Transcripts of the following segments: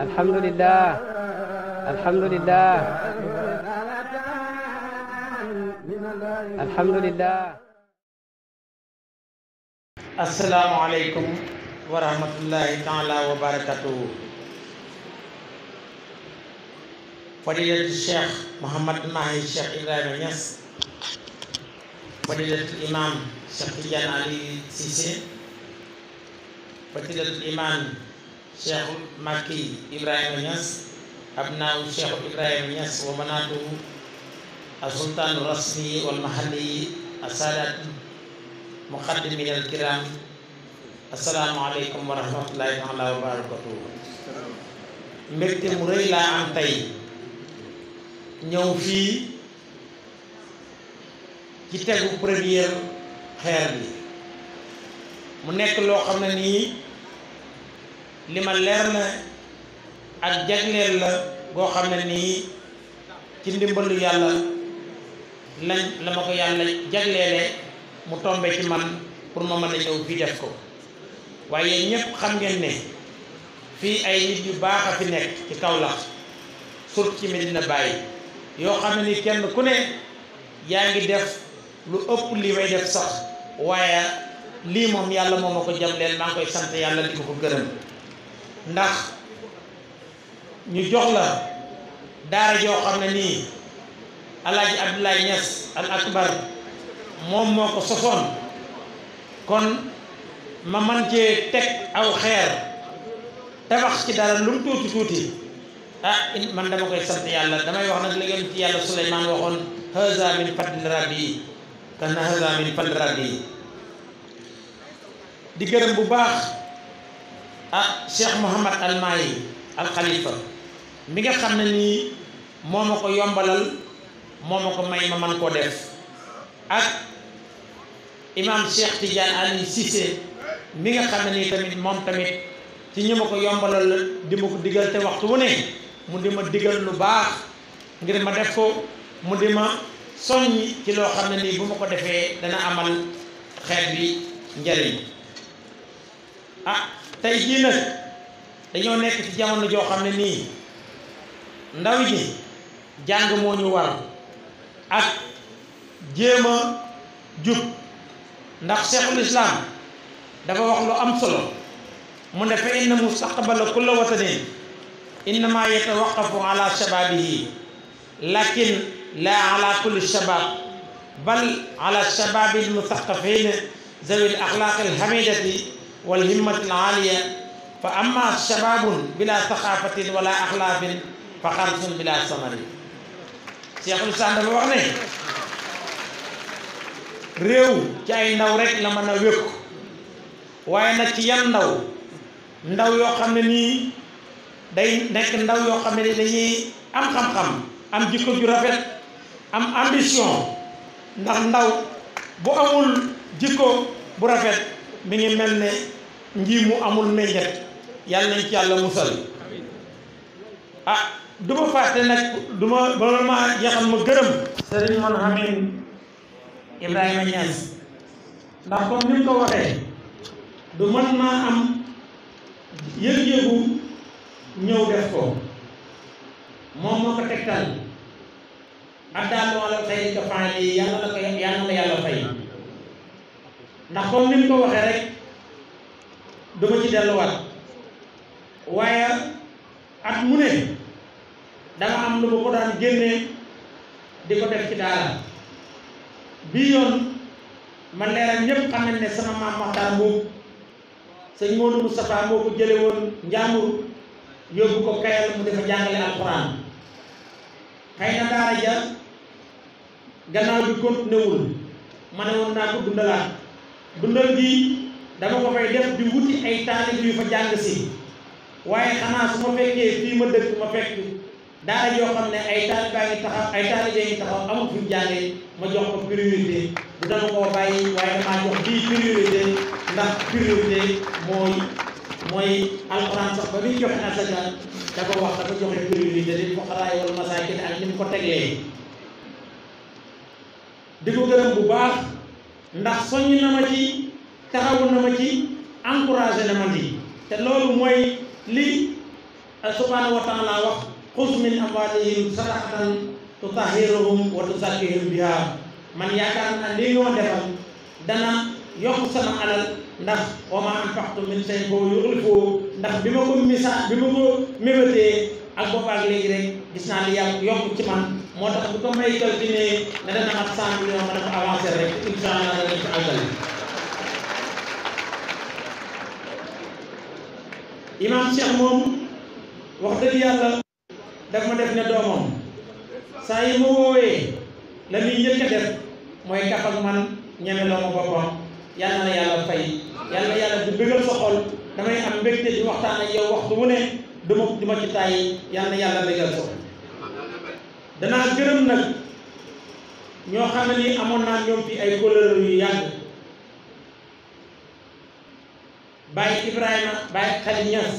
alhamdulilah alhamdulilah alhamdulilah. asalaamualeykum wa rahmatullahi taala wa barakatuhu. fadilatu Cheikh Mouhamad Mahi Cheikh Ibrahima Niass fadilatu imam Cheikh Tidiane Ali Cissé. fadilatul imaam cheikhul makki Ibrahima Niass abnaaw cheikhul Ibrahima Niass wa banaatuhu asultaanu rasmi wal mahalli asaadat muqaddimin al kiram asalaamualeykum wa rahmatullahi wa barakatuhu mbégte mu rëy laa am tey ñëw fii ci tegu première mu nekk loo xam li ma leer na ak jagleel la goo xam ne nii ci ndimbalu yàlla lañ la ma ko yàlla jagleele mu tombe ci man pour ma mën a ñëw fii def ko waaye ñépp xam ngeen ne fii ay nit yu baax a fi nekk ci Kaolack surtout ci Medina Baye yoo xam ne ni kenn ku ne yaa ngi def lu ëpp lii may def sax waaye lii moom yàlla moom ma ko jagleel maa ngi koy sant yàlla di ko ko gërëm ndax ñu jox la daara joo xam ne nii alaaji Abdoulaye Niass al akbar moom moo ko sosoon kon ma man cee teg aw xeer tabax ci dara lu mu tuuti tuuti ah man dama koy sant yàlla damay wax nag léegi ci yàlla Suleymaan waxoon haza min fadli rabbi kana haza min fadli rabbi di gërëm bu baax ah Cheikh Mouhamad Almaayi alxalifa mi nga xam ne nii moo ma ko yombalal moo ma ko may ma man koo def ak imam Cheikh Tidiane Ali Cissé mi nga xam ne nii tamit moom tamit ci ñi ma ko yombalal di ma ko digal te waxtu wu ne mu di ma digal lu baax ngir ma def ko mu di ma soññ ci loo xam ne nii bu ma ko defee dana amal xeet bi njariñ ah tey jii nag dañoo nekk ci jamono joo xam ne nii ndaw ji jàng moo ñu war ak jéem a jub ndax cheikhul islam dafa wax lu am solo mu ne fa inna mustaqbala kulla watanin innama yatawaqqafu ala shababihi lakin la ala kulli shabab bal ala shababil mustaqafin zawil axlaqil hamidati والهمة العالية فأما شباب بلا ثقافة ولا أخلاق فخرس بلا ثمر Cheikh Ousmane dafa wax ne réew ci ay ndaw rek la mën a wékku waaye nag ci yan ndaw ndaw yoo xam ne nii day nekk ndaw yoo xam ne ni dañuy am xam-xam am jikko ju rafet am ambition ndax ndaw bu amul jikko bu rafet mi ngi mel ne nji mu amul meññet yàlla nañ ci yàlla musal ah du ma fàtte nag du ma bala ma jeexal ma gërëm sëriñ man xamin Ibrahima Niass ndax comme ni ko waxee du mën naa am yëg-yëgu ñëw def ko moom moo ko tegtal ak moo la fay ko faan yi yàlla la ko yàlla la yàlla fay ndax comme ni ñu ko waxee rek duma ci delluwaat waaye at mu ne am lu ma ko daan génnee di ko def ci daara bii yoon ma leeral ñépp xam sama maam Maxtaar Mbuub sëñ Moodu Moustapha moo ko jële woon njàmbur yóbbu ko kayal mu dafa jàngale alxuraan xëy na daara ja gannaaw bi continué wul ma ne woon naa ko dundalaat dundal gi dama ko fay def di wuti ay taalib yu fa jàng si waaye xanaa su ma fekkee fii ma dëkk ma fekk daara yoo xam ne ay taalibaa ay taalibee ngi taxaw amul fi mu jàngee ma jox ko priorité bu dama koo bàyyi waaye damaa jox bii priorité ndax priorité mooy mooy alxuraan sax ba muy joxe asaka da ko wax dafa joxe priorité li fuqaraa wal masaakin ak ni mu ko teglee di ko gërëm bu baax ndax soññ na ma ci taxawu na ma ci encouragé na ma ci te loolu mooy li subhaanahu wa taala wax xuz min amwaalihim sadaqatan tutahhiruhum wa tuzakkihim bihaa man yaakaar naa li ñoo defal dana yokk sama alal ndax wa maa anfaqtum min shay'in fa huwa ndax bi ma ko misa bi ma ko mébétee ak boobaak léegi rek gis naa li yàlla yokk ci man moo tax bu ko may calculer ne dana mat cent millions ma dafa avancé rek incha allah dana moom wax dëgg yàlla daf ma def ne doomam saa yi ma woowee la muy njëkk def mooy kaf ak man ñeme loo ma boppam yal na yàlla fay yal yàlla du bëggal sa xol damay am mbégte di waxtaan ak yow waxtu wu ne duma duma ci tàyyi yàlla yàlla bégal danaa gërëm nag ñoo xam ne nii amoon naa ñoom fi ay kóllëre yu yàgg Baye Ibrahima Baye Khali Niass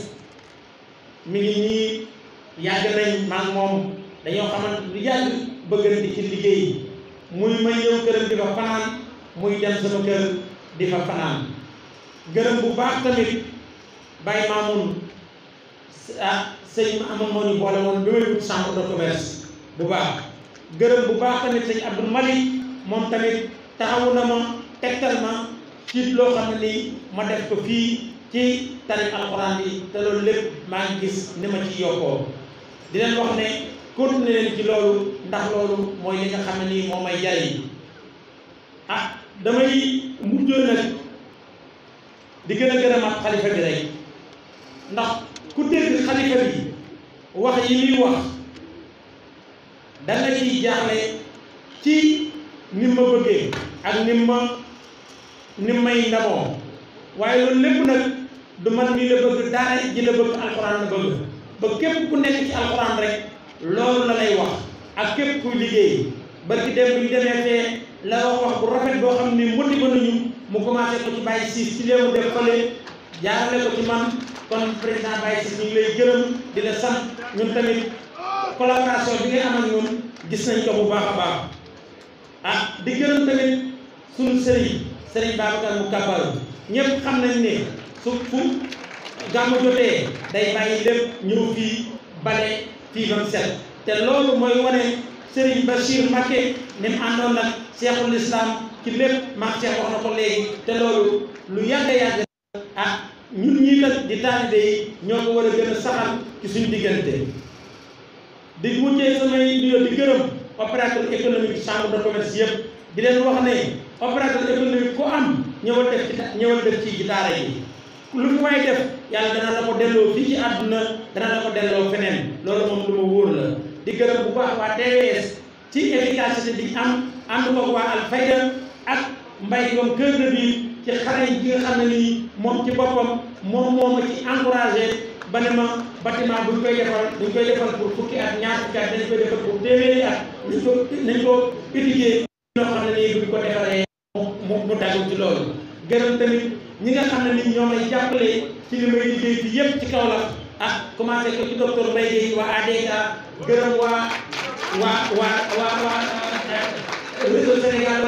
mi ngi nii yàgg nañ maa moom dañoo xamante lu yàgg bëggante ci liggéey muy may ñëw këram di fa fanaan muy dem sama kër di fa fanaan gërëm bu baax tamit Baye Mamoun ah sëñ ma amoon moo ñu boole woon bi may wut chambre de commerce bu baax gërëm bu baax tamit sëñ Abdou Mali moom tamit taxawu na ma tegtal ma ci loo xam ne nii ma def ko fii ci tarif alxuraan bi te loolu lépp maa ngi gis ni ma ci yokkoo di leen wax ne continuer leen ci loolu ndax loolu mooy li xam ne nii moo may jariñ ah damay mujjoo nag di gën a gërëmaat xalifa bi rek ndax ku dégg xalifa bi wax yi muy wax danga ciy jaaxle ci ni ma bëggee ak ni ma ni may ndamoo waaye loolu lépp nag du man ni la bëgg daara ji la bëgg alxuraan bëgg ba képp ku nekk ci alxuraan rek loolu la lay wax ak képp kuy liggéey barki dem bi ñu fee la wax wax bu rafet boo xam ni motivé nañu mu commencé ko ci bàyyi siis ci léemu def fële jaarale ko ci man kon président Baye ñu lay gërëm di la sant ñun tamit collaboration bi nga am ak ñun gis nañ ko mu baax a ah di gërëm tamit suñu sëriñ sëriñ Babacar mu kàbbal ñëpp xam nañ ne su fu gàmmu jotee day bàyyi lépp ñëw fii bale fii bam set te loolu mooy wane sëriñ Bachir Mbacké ni mu àndoon nag Cheikhul Islam ci lépp maam Cheikh wax ko léegi te loolu lu yàgg yàgg ah ñun nag di taalibe yi ñoo ko war a gën a saxal ci suñu diggante di mujjee samay nuyoo di gërëm opérateur économique chambre de commerce yëpp di leen wax ne opérateur économique ku am ñëwal def ci ñëwal def ci daara yi lu fi may def yàlla dana la ko delloo fii ci àdduna dana la ko delloo feneen loolu moom lu ma wóor la di gërëm bu baax waa TVS ci efficacité di am ànd ko waa Alfayda ak mbay comme kër de ville ci xale yi nga xam ne nii moom ci boppam moom moo ci encouragé ba ne ma bâtiment buñ koy defar dañ koy defar pour fukki at ñaar fukki at dañ koy defar pour téeméeri at nañ ko nañ ko mu mu ci loolu gërëm tamit ñi nga xam ne nii ñoo may jàppale ci li may liggéey fi yëpp ci kaw la ak commencé ko ci docteur Mbaye Guèye waa ADK gërëm waa waa waa waa waa réseau Sénégal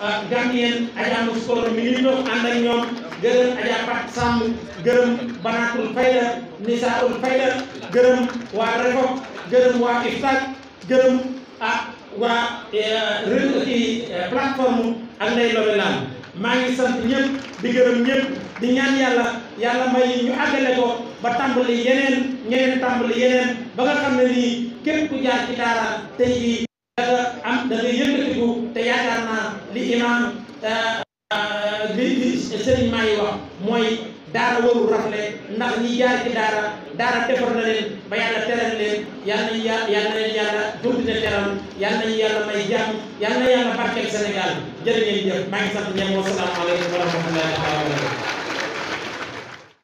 Gambien Adja Moussa Koro mi ngi toog ànd ak ñoom gërëm Adja Pat Samb gërëm Banaatul Fayda Nisaatul Fayda gërëm waa Refop gërëm waa Iftaak gërëm ah waa euh, réseau ci euh, plateforme ak Ndeye Lobé maa ngi sant ñëpp di gërëm ñëpp di ñaan yàlla yàlla may ñu àggale ko ba tàmbali yeneen ñeneen tàmbali yeneen ba nga xam ne képp ku jaar ci daara tey jii danga am da nga yëkkatiku te yaakaar naa li imaam euh, li li sëriñ maa yi wax mooy daara warul rafle ndax ñi jaar ci daara daara defar na leen ba yàlla teral leen yal nañu yàlla yal na leen yàlla dundina teral yal nañu may jàmm yal na yàlla barkeel Sénégal jërë ngeen jëf maa ngi sant ñeent wa salaamu aleykum